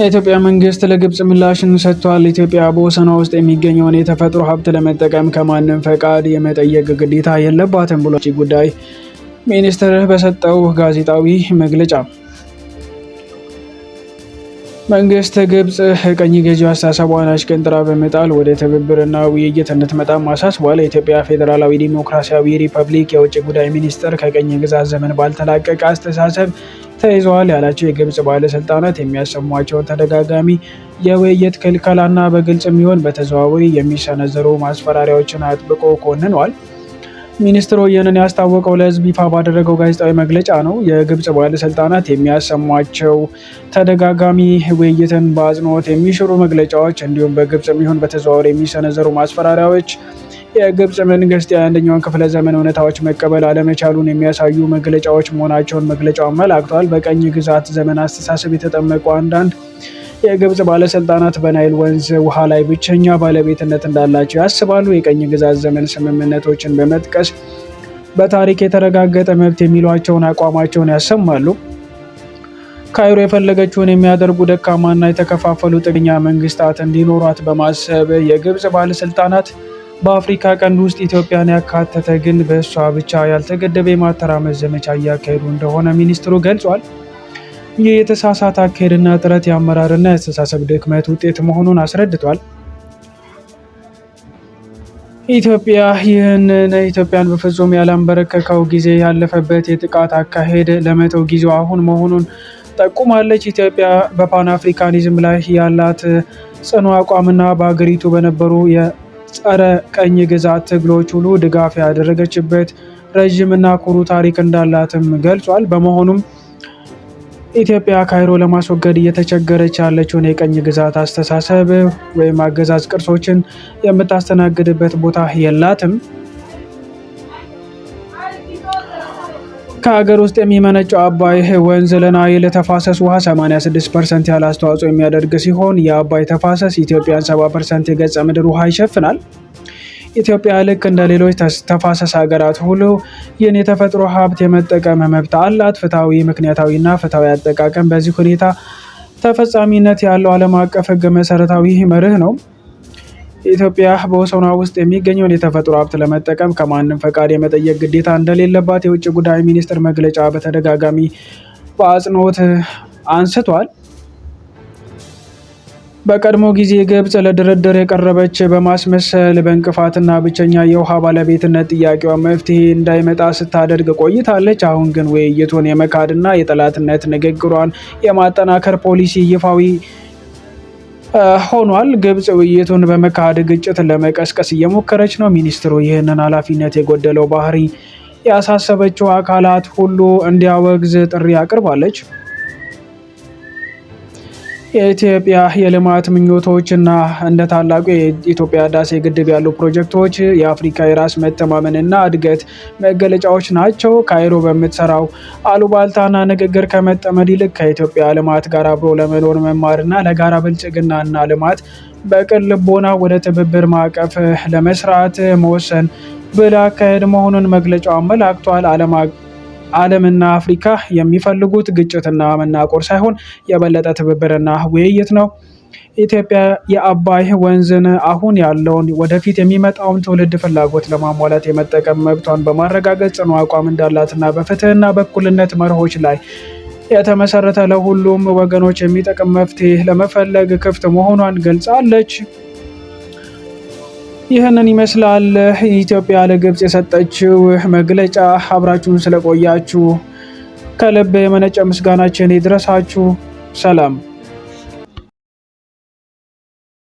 የኢትዮጵያ መንግስት ለግብጽ ምላሽን ሰጥቷል። ኢትዮጵያ በወሰኗ ውስጥ የሚገኘውን የተፈጥሮ ሀብት ለመጠቀም ከማንም ፈቃድ የመጠየቅ ግዴታ የለባትም ብሎ ውጭ ጉዳይ ሚኒስትር በሰጠው ጋዜጣዊ መግለጫ መንግስት ግብጽ ቀኝ ገዢ አስተሳሰቧን አሽቀንጥራ በመጣል ወደ ትብብርና ውይይት እንድትመጣም አሳስቧል። የኢትዮጵያ ፌዴራላዊ ዲሞክራሲያዊ ሪፐብሊክ የውጭ ጉዳይ ሚኒስትር ከቀኝ ግዛት ዘመን ባልተላቀቀ አስተሳሰብ ተይዘዋል ያላቸው የግብጽ ባለስልጣናት የሚያሰሟቸውን ተደጋጋሚ የውይይት ክልከላና በግልጽ የሚሆን በተዘዋዋሪ የሚሰነዘሩ ማስፈራሪያዎችን አጥብቆ ኮንኗል ሚኒስትሩ ይህንን ያስታወቀው ለህዝብ ይፋ ባደረገው ጋዜጣዊ መግለጫ ነው። የግብፅ ባለስልጣናት የሚያሰሟቸው ተደጋጋሚ ውይይትን በአጽንኦት የሚሽሩ መግለጫዎች እንዲሁም በግብፅ የሚሆን በተዘዋወር የሚሰነዘሩ ማስፈራሪያዎች የግብፅ መንግስት የአንደኛውን ክፍለ ዘመን እውነታዎች መቀበል አለመቻሉን የሚያሳዩ መግለጫዎች መሆናቸውን መግለጫው አመላክቷል። በቀኝ ግዛት ዘመን አስተሳሰብ የተጠመቁ አንዳንድ የግብጽ ባለስልጣናት በናይል ወንዝ ውሃ ላይ ብቸኛ ባለቤትነት እንዳላቸው ያስባሉ። የቀኝ ግዛት ዘመን ስምምነቶችን በመጥቀስ በታሪክ የተረጋገጠ መብት የሚሏቸውን አቋማቸውን ያሰማሉ። ካይሮ የፈለገችውን የሚያደርጉ ደካማና የተከፋፈሉ ጥገኛ መንግስታት እንዲኖሯት በማሰብ የግብጽ ባለስልጣናት በአፍሪካ ቀንድ ውስጥ ኢትዮጵያን ያካተተ ግን በእሷ ብቻ ያልተገደበ የማተራመስ ዘመቻ እያካሄዱ እንደሆነ ሚኒስትሩ ገልጿል። ይህ የተሳሳተ አካሄድና ጥረት የአመራርና የአስተሳሰብ ድክመት ውጤት መሆኑን አስረድቷል። ኢትዮጵያ ይህንን ኢትዮጵያን በፍጹም ያላንበረከከው ጊዜ ያለፈበት የጥቃት አካሄድ ለመተው ጊዜው አሁን መሆኑን ጠቁማለች። ኢትዮጵያ በፓን አፍሪካኒዝም ላይ ያላት ጽኑ አቋምና በሀገሪቱ በነበሩ የጸረ ቀኝ ግዛት ትግሎች ሁሉ ድጋፍ ያደረገችበት ረዥምና ኩሩ ታሪክ እንዳላትም ገልጿል። በመሆኑም ኢትዮጵያ ካይሮ ለማስወገድ እየተቸገረች ያለችውን የቀኝ ግዛት አስተሳሰብ ወይም አገዛዝ ቅርሶችን የምታስተናግድበት ቦታ የላትም። ከሀገር ውስጥ የሚመነጨው አባይ ወንዝ ለናይል ተፋሰስ ውሃ 86 ፐርሰንት ያህል አስተዋጽኦ የሚያደርግ ሲሆን የአባይ ተፋሰስ ኢትዮጵያን 70 ፐርሰንት የገጸ ምድር ውሃ ይሸፍናል። ኢትዮጵያ ልክ እንደ ሌሎች ተፋሰስ ሀገራት ሁሉ ይህን የተፈጥሮ ሀብት የመጠቀም መብት አላት። ፍትሐዊ፣ ምክንያታዊና ፍትሐዊ አጠቃቀም በዚህ ሁኔታ ተፈጻሚነት ያለው ዓለም አቀፍ ሕግ መሰረታዊ መርህ ነው። ኢትዮጵያ በወሰኗ ውስጥ የሚገኘውን የተፈጥሮ ሀብት ለመጠቀም ከማንም ፈቃድ የመጠየቅ ግዴታ እንደሌለባት የውጭ ጉዳይ ሚኒስትር መግለጫ በተደጋጋሚ በአጽንኦት አንስቷል። በቀድሞ ጊዜ ግብጽ ለድርድር የቀረበች በማስመሰል በእንቅፋትና ብቸኛ የውሃ ባለቤትነት ጥያቄዋ መፍትሄ እንዳይመጣ ስታደርግ ቆይታለች። አሁን ግን ውይይቱን የመካድና የጠላትነት ንግግሯን የማጠናከር ፖሊሲ ይፋዊ ሆኗል። ግብጽ ውይይቱን በመካድ ግጭት ለመቀስቀስ እየሞከረች ነው። ሚኒስትሩ ይህንን ኃላፊነት የጎደለው ባህሪ ያሳሰበችው አካላት ሁሉ እንዲያወግዝ ጥሪ አቅርባለች። የኢትዮጵያ የልማት ምኞቶች እና እንደ ታላቁ የኢትዮጵያ ህዳሴ ግድብ ያሉ ፕሮጀክቶች የአፍሪካ የራስ መተማመንና እድገት መገለጫዎች ናቸው። ካይሮ በምትሰራው አሉባልታና ንግግር ከመጠመድ ይልቅ ከኢትዮጵያ ልማት ጋር አብሮ ለመኖር መማርና ለጋራ ብልጽግናና ልማት በቅን ልቦና ወደ ትብብር ማዕቀፍ ለመስራት መወሰን ብላ አካሄድ መሆኑን መግለጫው አመላክቷል። አለም ዓለምና አፍሪካ የሚፈልጉት ግጭትና መናቆር ሳይሆን የበለጠ ትብብርና ውይይት ነው። ኢትዮጵያ የአባይ ወንዝን አሁን ያለውን ወደፊት የሚመጣውን ትውልድ ፍላጎት ለማሟላት የመጠቀም መብቷን በማረጋገጥ ጽኑ አቋም እንዳላትና በፍትህና በእኩልነት መርሆች ላይ የተመሰረተ ለሁሉም ወገኖች የሚጠቅም መፍትሄ ለመፈለግ ክፍት መሆኗን ገልጻለች። ይህንን ይመስላል ኢትዮጵያ ለግብፅ የሰጠችው መግለጫ። አብራችሁን ስለቆያችሁ ከልብ የመነጨ ምስጋናችን ይድረሳችሁ። ሰላም